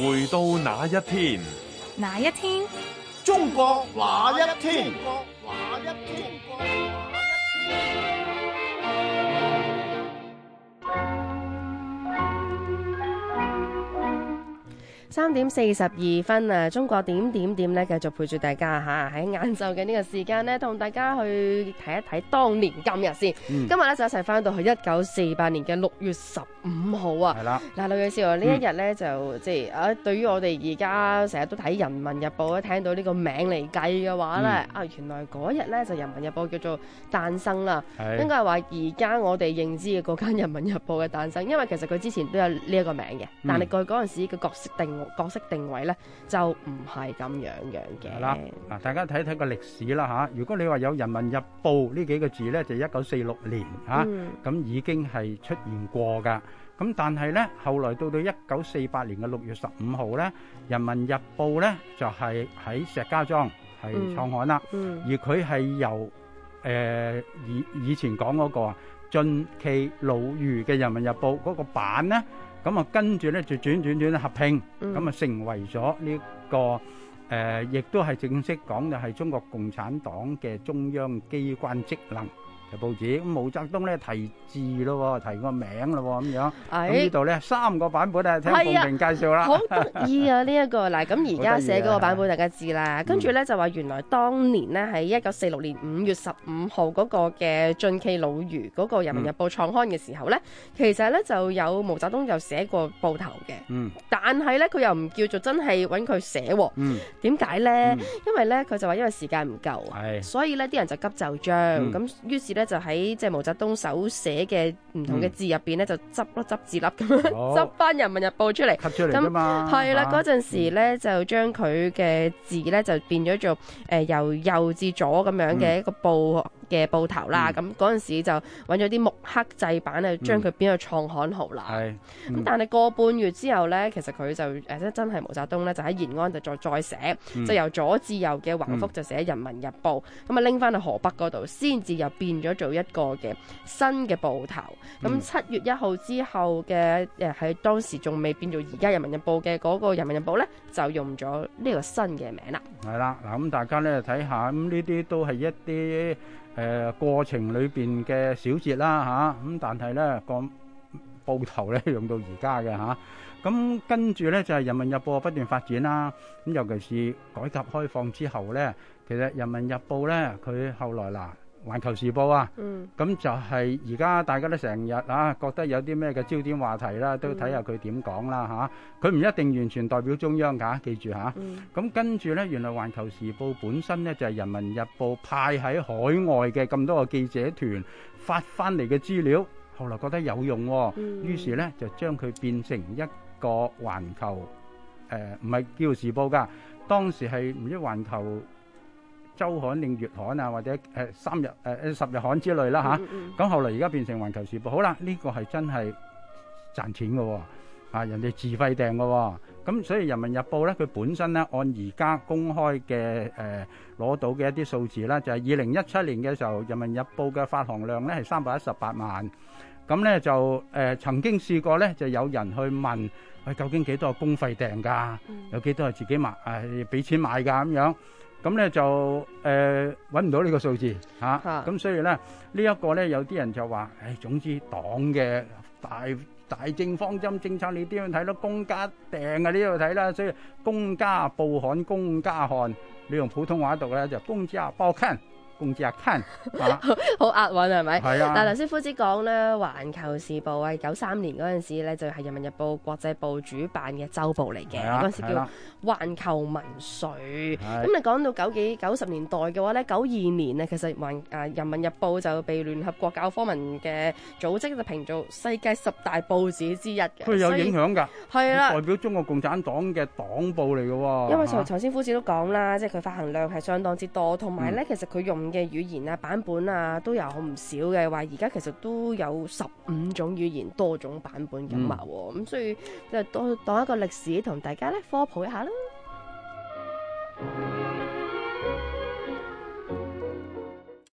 回到那一天，那一,一,一天，中國那一天？三點四十二分啊！中國點點點咧，繼續陪住大家吓，喺晏晝嘅呢個時間咧，同大家去睇一睇當年今日先。嗯、今日咧就一齊返到去一九四八年嘅六月十五號啊！嗱的，女女士話呢一日咧就即係、嗯就是、啊，對於我哋而家成日都睇《人民日報》、聽到呢個名嚟計嘅話咧、嗯、啊，原來嗰日咧就《人民日報》叫做誕生啦。的應該係話而家我哋認知嘅嗰間《人民日報》嘅誕生，因為其實佢之前都有呢一個名嘅，但係佢嗰陣時嘅角色定。嗯角色定位呢就唔係咁樣樣嘅。嗱，大家睇睇個歷史啦吓、啊,如果你話有《人民日報》呢幾個字呢，就一九四六年吓，咁已經係出現過噶。咁但係呢，後來到到一九四八年嘅六月十五號呢，《人民日報》呢就係、是、喺石家莊，係創刊啦。嗯嗯、而佢係由誒、呃、以以前講嗰個、那個啊，晉冀魯豫嘅《人民日報》嗰個版呢。咁啊，跟住咧就轉轉轉合併，咁啊、嗯、成為咗呢、這個誒、呃，亦都係正式講就係中國共產黨嘅中央機關職能。報紙，咁毛澤東咧提字咯，提個名咯咁樣。喺呢度咧三個版本啊，聽奉明介紹啦。好得意啊呢一個嗱，咁而家寫嗰個版本大家知啦。跟住咧就話原來當年呢，喺一九四六年五月十五號嗰個嘅晉冀魯豫嗰個《人民日報》創刊嘅時候咧，其實咧就有毛澤東就寫過報頭嘅。但係咧佢又唔叫做真係揾佢寫。嗯。點解咧？因為咧佢就話因為時間唔夠。所以咧啲人就急就章，咁於是咧就喺即係毛澤東手寫嘅唔同嘅字入邊咧，嗯、就執一執字粒咁樣，執翻《人民日報》出嚟。咁係樣、嗯、啦，嗰陣時咧就將佢嘅字咧就變咗做誒、呃、由右至左咁樣嘅一個報。嗯嘅報頭啦，咁嗰陣時就揾咗啲木刻製版咧，將佢變咗創刊號啦。係咁，但係個半月之後呢，其實佢就誒真真係毛澤東呢，就喺延安就再再寫，嗯、就由左至右嘅橫幅就寫《人民日報》嗯。咁啊拎翻去河北嗰度，先至又變咗做一個嘅新嘅報頭。咁七、嗯、月一號之後嘅誒，喺當時仲未變做而家《人民日報》嘅嗰個《人民日報》呢，就用咗呢個新嘅名啦。係啦，嗱咁大家咧睇下，咁呢啲都係一啲。誒、呃、過程裏邊嘅小節啦嚇，咁、啊、但係咧個報頭咧用到而家嘅嚇，咁、啊、跟住咧就係、是《人民日報》不斷發展啦，咁、啊、尤其是改革開放之後咧，其實《人民日報》咧佢後來嗱。《環球時報》啊，咁、嗯、就係而家大家都成日啊，覺得有啲咩嘅焦點話題啦、啊，都睇下佢點講啦嚇。佢、啊、唔一定完全代表中央㗎、啊，記住嚇、啊。咁、嗯、跟住呢，原來《環球時報》本身呢，就係、是《人民日報》派喺海外嘅咁多個記者團發翻嚟嘅資料，後來覺得有用、啊，嗯、於是呢，就將佢變成一個《環球》誒、呃，唔係叫《時報》㗎。當時係唔知《環球》。週刊定月刊啊，或者誒三日誒十日刊之類啦嚇。咁後嚟而家變成環球時報，好啦，呢個係真係賺錢嘅喎。啊，人哋自費訂嘅喎。咁所以《人民日報》咧，佢本身咧按而家公開嘅誒攞到嘅一啲數字啦，就係二零一七年嘅時候，《人民日報》嘅發行量咧係三百一十八萬。咁咧就誒曾經試過咧，就有人去問，究竟幾多係公費訂㗎？有幾多係自己買誒俾錢買㗎？咁樣。咁咧就誒揾唔到呢個數字嚇，咁、啊啊、所以咧呢一、這個咧有啲人就話，誒、哎、總之黨嘅大大政方針政策，你點樣睇都到公家定嘅呢度睇啦，所以公家報刊公家看，你用普通話讀咧就公家報刊。工資壓攤，好押韻係咪？係啊！嗱，頭先夫子講咧，《環球時報》喺九三年嗰陣時咧，就係、是《人民日報》國際部主辦嘅周報嚟嘅，嗰陣、啊、時叫《環球文萃》啊。咁你、嗯、講到九幾九十年代嘅話咧，九二年呢，其實環誒《人民日報》就被聯合國教科文嘅組織就評做世界十大報紙之一嘅，佢有影響㗎，係啦以，啊、代表中國共產黨嘅黨報嚟嘅。因為頭先夫子都講啦，即係佢發行量係相當之多，同埋咧，有其實佢用。嗯嘅語言啊，版本啊，都有好唔少嘅話，而家其實都有十五種語言，多種版本咁啊。咁、嗯、所以即係當當一個歷史，同大家咧科普一下啦。